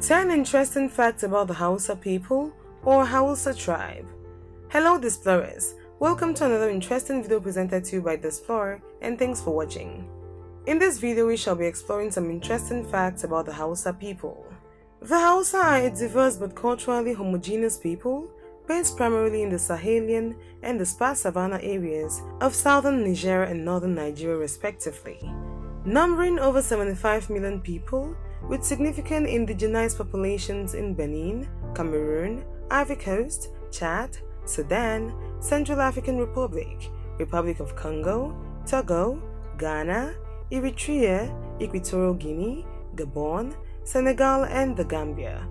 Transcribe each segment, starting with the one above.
10 interesting facts about the Hausa people or Hausa tribe. Hello Displorers, welcome to another interesting video presented to you by Displorer and thanks for watching. In this video we shall be exploring some interesting facts about the Hausa people. The Hausa are a diverse but culturally homogeneous people based primarily in the Sahelian and the sparse savanna areas of southern Nigeria and northern Nigeria respectively. Numbering over 75 million people, with significant indigenized populations in Benin, Cameroon, Ivory Coast, Chad, Sudan, Central African Republic, Republic of Congo, Togo, Ghana, Eritrea, Equatorial Guinea, Gabon, Senegal, and the Gambia.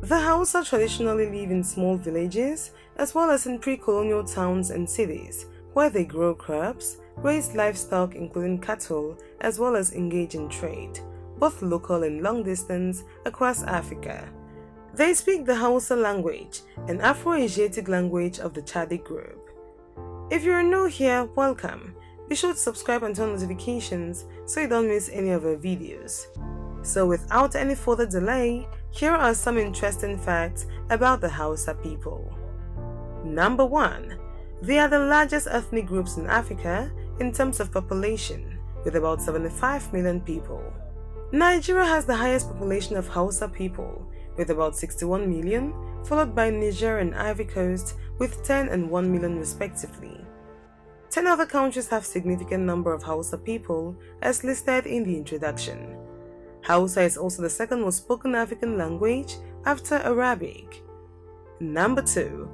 The Hausa traditionally live in small villages as well as in pre colonial towns and cities, where they grow crops, raise livestock including cattle, as well as engage in trade both local and long distance, across Africa. They speak the Hausa language, an Afro-Asiatic language of the Chadi group. If you're new here, welcome. Be sure to subscribe and turn notifications so you don't miss any of our videos. So without any further delay, here are some interesting facts about the Hausa people. Number 1. They are the largest ethnic groups in Africa in terms of population, with about 75 million people. Nigeria has the highest population of Hausa people, with about 61 million, followed by Niger and Ivory Coast with 10 and 1 million respectively. 10 other countries have significant number of Hausa people as listed in the introduction. Hausa is also the second most spoken African language after Arabic. Number 2.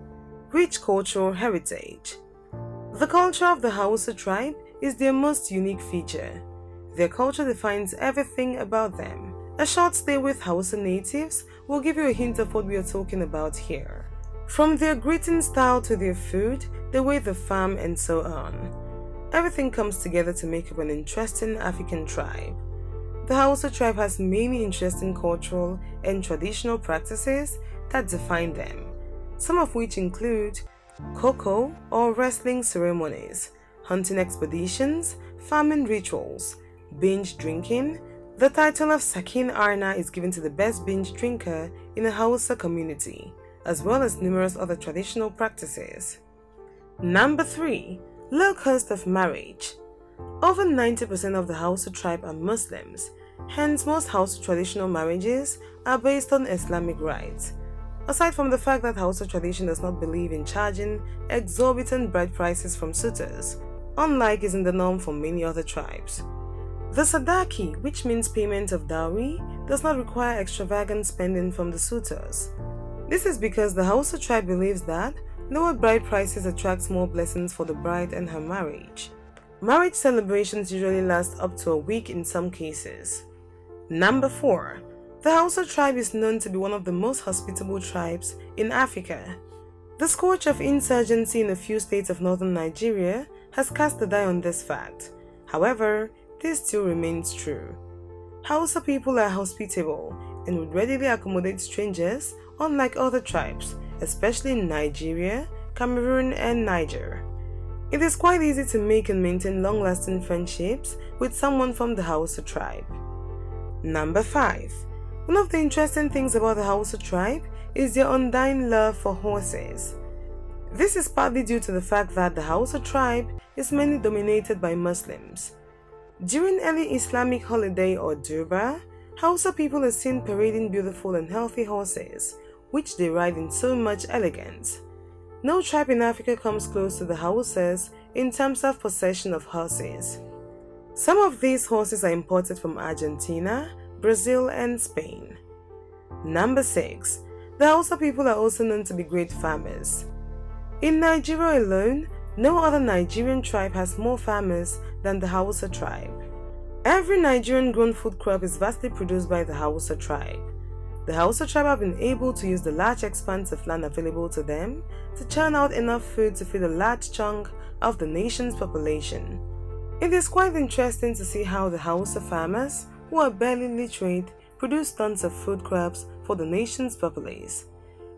Rich cultural heritage. The culture of the Hausa tribe is their most unique feature. Their culture defines everything about them. A short stay with Hausa natives will give you a hint of what we are talking about here. From their greeting style to their food, the way they farm and so on. Everything comes together to make up an interesting African tribe. The Hausa tribe has many interesting cultural and traditional practices that define them, some of which include koko or wrestling ceremonies, hunting expeditions, farming rituals, Binge Drinking, the title of Sakin Arna is given to the best binge drinker in the Hausa community, as well as numerous other traditional practices. Number 3. Low cost of marriage. Over 90% of the Hausa tribe are Muslims, hence, most Hausa traditional marriages are based on Islamic rites. Aside from the fact that Hausa tradition does not believe in charging exorbitant bride prices from suitors, unlike is in the norm for many other tribes. The sadaki, which means payment of dowry, does not require extravagant spending from the suitors. This is because the Hausa tribe believes that lower bride prices attracts more blessings for the bride and her marriage. Marriage celebrations usually last up to a week in some cases. Number 4. The Hausa tribe is known to be one of the most hospitable tribes in Africa. The scourge of insurgency in a few states of northern Nigeria has cast a die on this fact. However, this still remains true. Hausa people are hospitable and would readily accommodate strangers, unlike other tribes, especially in Nigeria, Cameroon, and Niger. It is quite easy to make and maintain long lasting friendships with someone from the Hausa tribe. Number 5. One of the interesting things about the Hausa tribe is their undying love for horses. This is partly due to the fact that the Hausa tribe is mainly dominated by Muslims, during early Islamic holiday or Durba, Hausa people are seen parading beautiful and healthy horses, which they ride in so much elegance. No tribe in Africa comes close to the Hausas in terms of possession of horses. Some of these horses are imported from Argentina, Brazil, and Spain. Number 6. The Hausa people are also known to be great farmers. In Nigeria alone, no other Nigerian tribe has more farmers than the Hausa tribe. Every Nigerian grown food crop is vastly produced by the Hausa tribe. The Hausa tribe have been able to use the large expanse of land available to them to churn out enough food to feed a large chunk of the nation's population. It is quite interesting to see how the Hausa farmers, who are barely literate, produce tons of food crops for the nation's populace.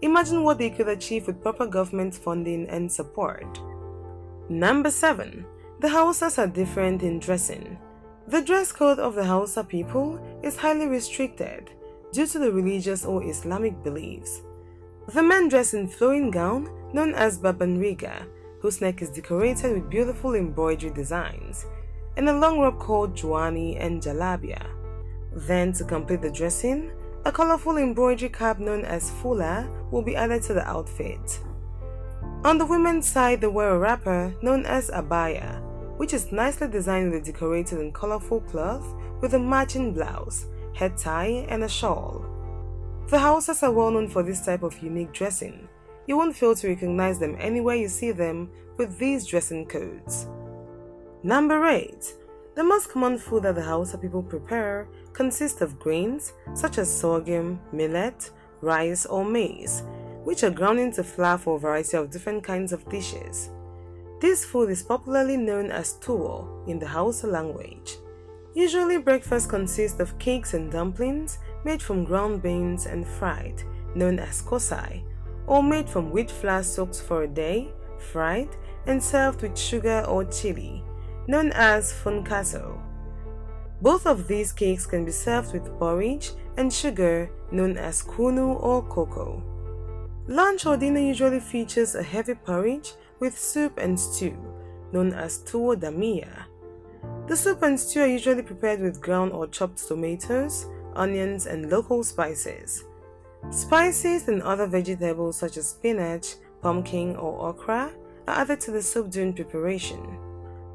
Imagine what they could achieve with proper government funding and support. Number 7. The Hausas are different in dressing. The dress code of the Hausa people is highly restricted due to the religious or Islamic beliefs. The men dress in flowing gown known as babanriga, whose neck is decorated with beautiful embroidery designs, and a long robe called juani and jalabia. Then, to complete the dressing, a colorful embroidery cap known as fula will be added to the outfit. On the women's side, they wear a wrapper known as abaya, which is nicely designed with a decorated and colorful cloth with a matching blouse, head tie, and a shawl. The Hausas are well known for this type of unique dressing. You won't fail to recognize them anywhere you see them with these dressing codes. Number 8. The most common food that the Hausa people prepare consists of grains such as sorghum, millet, rice, or maize, which are ground into flour for a variety of different kinds of dishes. This food is popularly known as tuwo in the Hausa language. Usually, breakfast consists of cakes and dumplings made from ground beans and fried, known as kosai, or made from wheat flour soaked for a day, fried, and served with sugar or chili, known as funkaso. Both of these cakes can be served with porridge and sugar, known as kunu or cocoa. Lunch or dinner usually features a heavy porridge with soup and stew, known as da damia. The soup and stew are usually prepared with ground or chopped tomatoes, onions, and local spices. Spices and other vegetables such as spinach, pumpkin, or okra are added to the soup during preparation.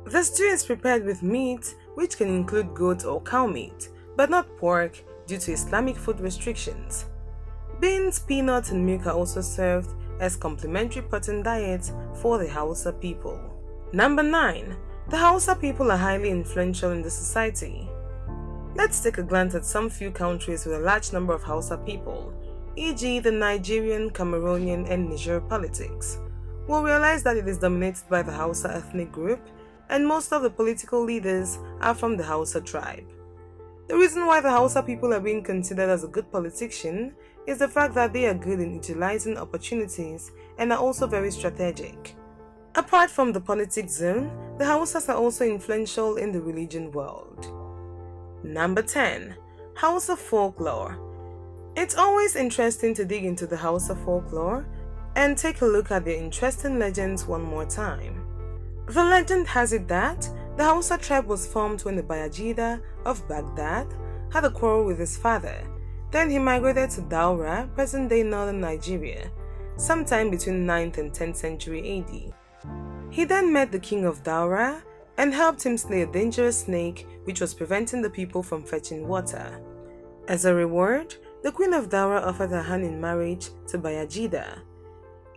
The stew is prepared with meat, which can include goat or cow meat, but not pork due to Islamic food restrictions. Beans, peanuts, and milk are also served as complementary protein diets for the Hausa people. Number 9. The Hausa people are highly influential in the society. Let's take a glance at some few countries with a large number of Hausa people, e.g. the Nigerian, Cameroonian, and Niger politics. We'll realize that it is dominated by the Hausa ethnic group, and most of the political leaders are from the Hausa tribe. The reason why the Hausa people are being considered as a good politician is the fact that they are good in utilizing opportunities and are also very strategic. Apart from the politics zone, the Hausas are also influential in the religion world. Number 10. Hausa Folklore It's always interesting to dig into the Hausa folklore and take a look at their interesting legends one more time. The legend has it that the Hausa tribe was formed when the Bayajida of Baghdad had a quarrel with his father then he migrated to Daura, present day northern Nigeria, sometime between 9th and 10th century AD. He then met the king of Daura and helped him slay a dangerous snake which was preventing the people from fetching water. As a reward, the queen of Daura offered her hand in marriage to Bayajida.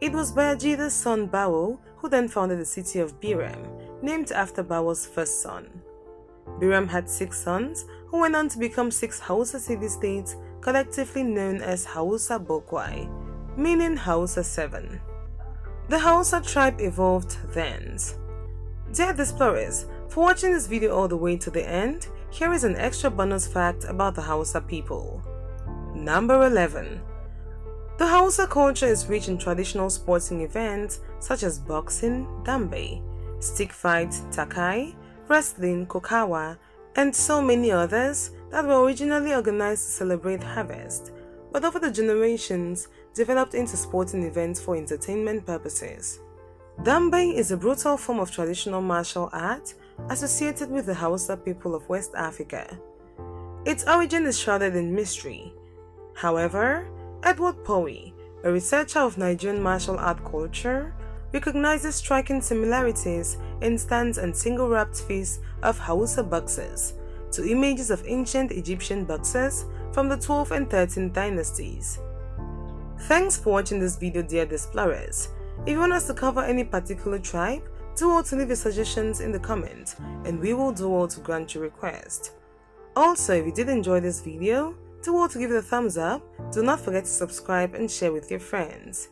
It was Bayajida's son Bawo who then founded the city of Biram, named after Bawo's first son. Biram had six sons who went on to become six Hausa city-states collectively known as Hausa Bokwai, meaning Hausa 7. The Hausa tribe evolved thence. Dear explorers, for watching this video all the way to the end, here is an extra bonus fact about the Hausa people. Number 11. The Hausa culture is rich in traditional sporting events such as boxing, dambe, stick fight, takai, wrestling, kokawa, and so many others that were originally organized to celebrate harvest, but over the generations developed into sporting events for entertainment purposes. Dambang is a brutal form of traditional martial art associated with the Hausa people of West Africa. Its origin is shrouded in mystery. However, Edward Powie, a researcher of Nigerian martial art culture, recognizes striking similarities in stands and single wrapped fees of Hausa boxers to images of ancient Egyptian boxers from the 12th and 13th dynasties. Thanks for watching this video dear explorers. If you want us to cover any particular tribe, do all to leave your suggestions in the comments and we will do all to grant your request. Also, if you did enjoy this video, do all to give it a thumbs up, do not forget to subscribe and share with your friends.